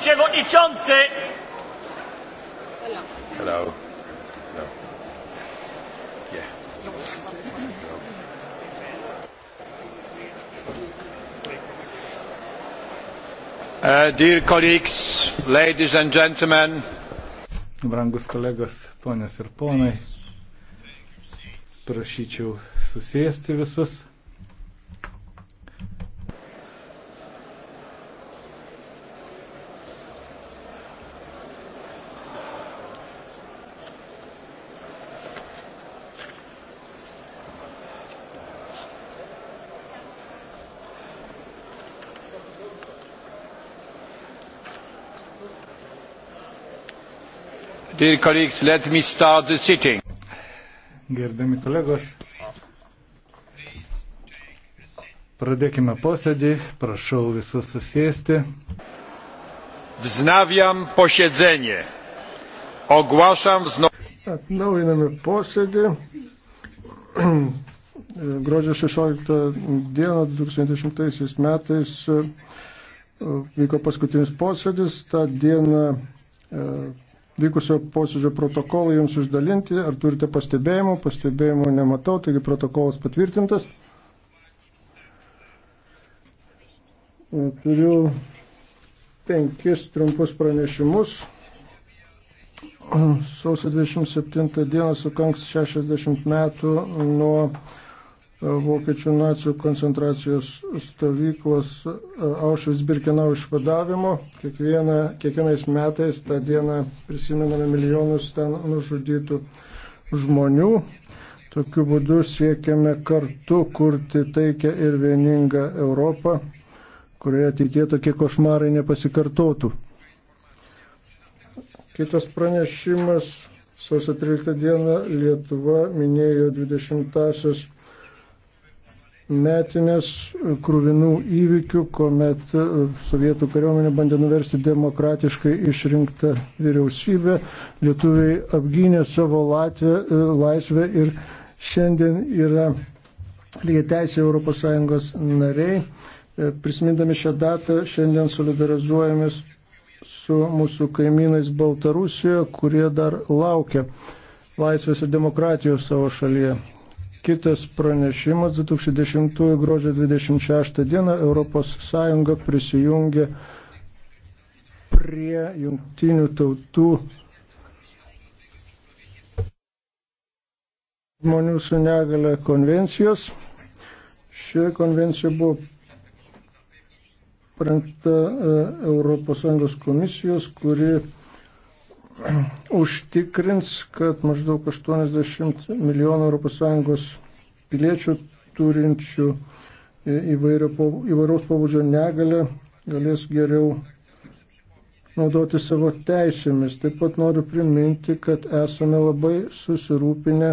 przewodniczący! Hello. No. Yeah. No. Uh, dear colleagues, ladies and gentlemen. Brangus kolegos, ponios ir ponai, prašyčiau susėsti visus. Dear colleagues, let me start the sitting. Gerbiami kolegos, pradėkime posėdį, prašau visus susėsti. Vznaviam posėdzenį. Ogłaszam wznowienie. Atnaujiname posėdį. Gruodžio 16 dieną 2010 metais e, vyko paskutinis posėdis. Ta diena e, vykusio posėdžio protokolą jums išdalinti. Ar turite pastebėjimų? Pastebėjimų nematau, taigi protokolas patvirtintas. E, turiu penkis trumpus pranešimus. Sausio 27 dieną sukanks 60 metų nuo vokiečių nacijų koncentracijos stovyklos e, Aušvis Birkenau išvadavimo. Kiekviena, kiekvienais metais tą dieną prisimename milijonus ten nužudytų žmonių. Tokiu būdu siekiame kartu kurti taikę ir vieningą Europą, kurioje ateitie tokie košmarai nepasikartotų. Kitas pranešimas. Sausio 13 dieną Lietuva minėjo 20-asios metinės krūvinų įvykių, kuomet e, sovietų kariuomenė bandė nuversti demokratiškai išrinktą vyriausybę. Lietuviai apgynė savo Latvę, e, laisvę ir šiandien yra lygiai teisė ES nariai. E, prisimindami šią datą, šiandien solidarizuojamės su mūsų kaimynais Baltarusijoje, kurie dar laukia laisvės ir demokratijos savo šalyje. Kitas pranešimas 2010 gruodžio 26 dieną ES prisijungė prie jungtinių tautų žmonių su negale konvencijos. Ši konvencija buvo parengta ES komisijos, kuri užtikrins, kad maždaug 80 milijonų ES piliečių turinčių e, įvairaus pavudžio negalę galės geriau naudoti savo teisėmis. Taip pat noriu priminti, kad esame labai susirūpinę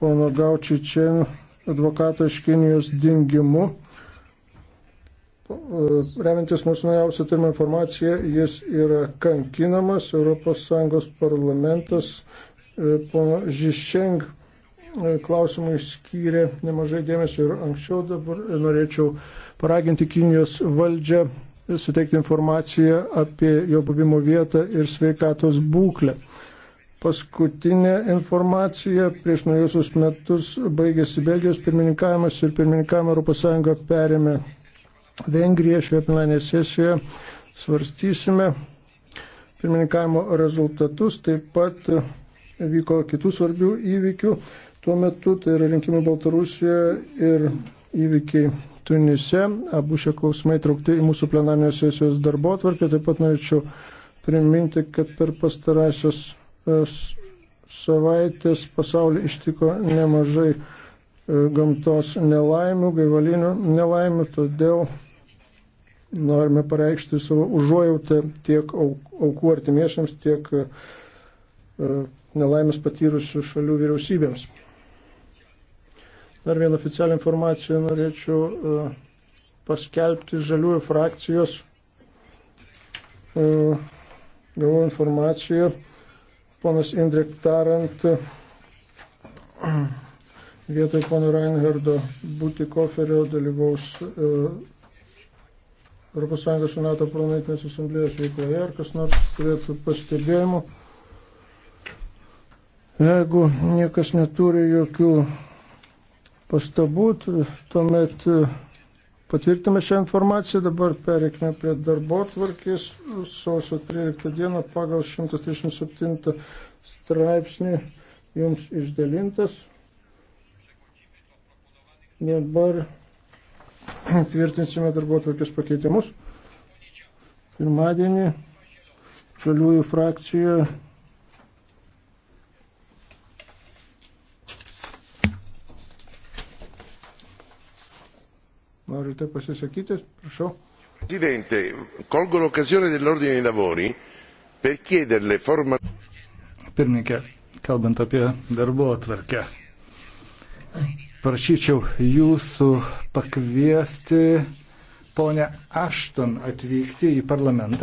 pono Gaučičien advokato iš Kinijos dingimu. E, remiantis mūsų naujausią turimą informaciją, jis yra kankinamas. ES parlamentas e, pono Žišeng e, klausimui skyrė nemažai dėmesio ir anksčiau dabar norėčiau paraginti Kinijos valdžią suteikti informaciją apie jo buvimo vietą ir sveikatos būklę. Paskutinė informacija prieš naujusius metus baigėsi Belgijos pirmininkavimas ir pirmininkavimą ES perėmė Vengrija šioje plenarinėje sesijoje svarstysime pirmininkavimo rezultatus. Taip pat vyko kitų svarbių įvykių. Tuo metu tai yra rinkimai Baltarusijoje ir įvykiai Tunise. Abu šie klausimai traukti į mūsų plenarinės sesijos darbo atvarkę. Taip pat norėčiau priminti, kad per pastarąsias e, savaitės pasaulį ištiko nemažai E, gamtos nelaimių, gaivalinių nelaimių, todėl norime pareikšti savo užuojautą tiek aukų artimiesiams, tiek e, e, nelaimės patyrusių šalių vyriausybėms. Dar vieną oficialią informaciją norėčiau paskelbti žaliųjų frakcijos. Gavau informaciją, ponas Indrek Tarant vietoj pono Reinhardo būti koferio dalyvaus ES su NATO planetinės asamblėjos veikloje. Ar kas nors turėtų pastebėjimų? Jeigu niekas neturi jokių pastabų, tuomet e, patvirtame šią informaciją. Dabar pereikime prie darbo tvarkės sausio 13 dieną pagal 137 straipsnį jums išdalintas. Dabar tvirtinsime darbuotvarkės pakeitimus. Pirmadienį žaliųjų frakcija Norite pasisakyti? Prašau. Presidente, colgo l'occasione dell'ordine dei lavori per chiederle formalmente. Pirmininkė, kalbant apie darbo atvarkę, prašyčiau jūsų pakviesti ponę Ašton atvykti į parlamentą.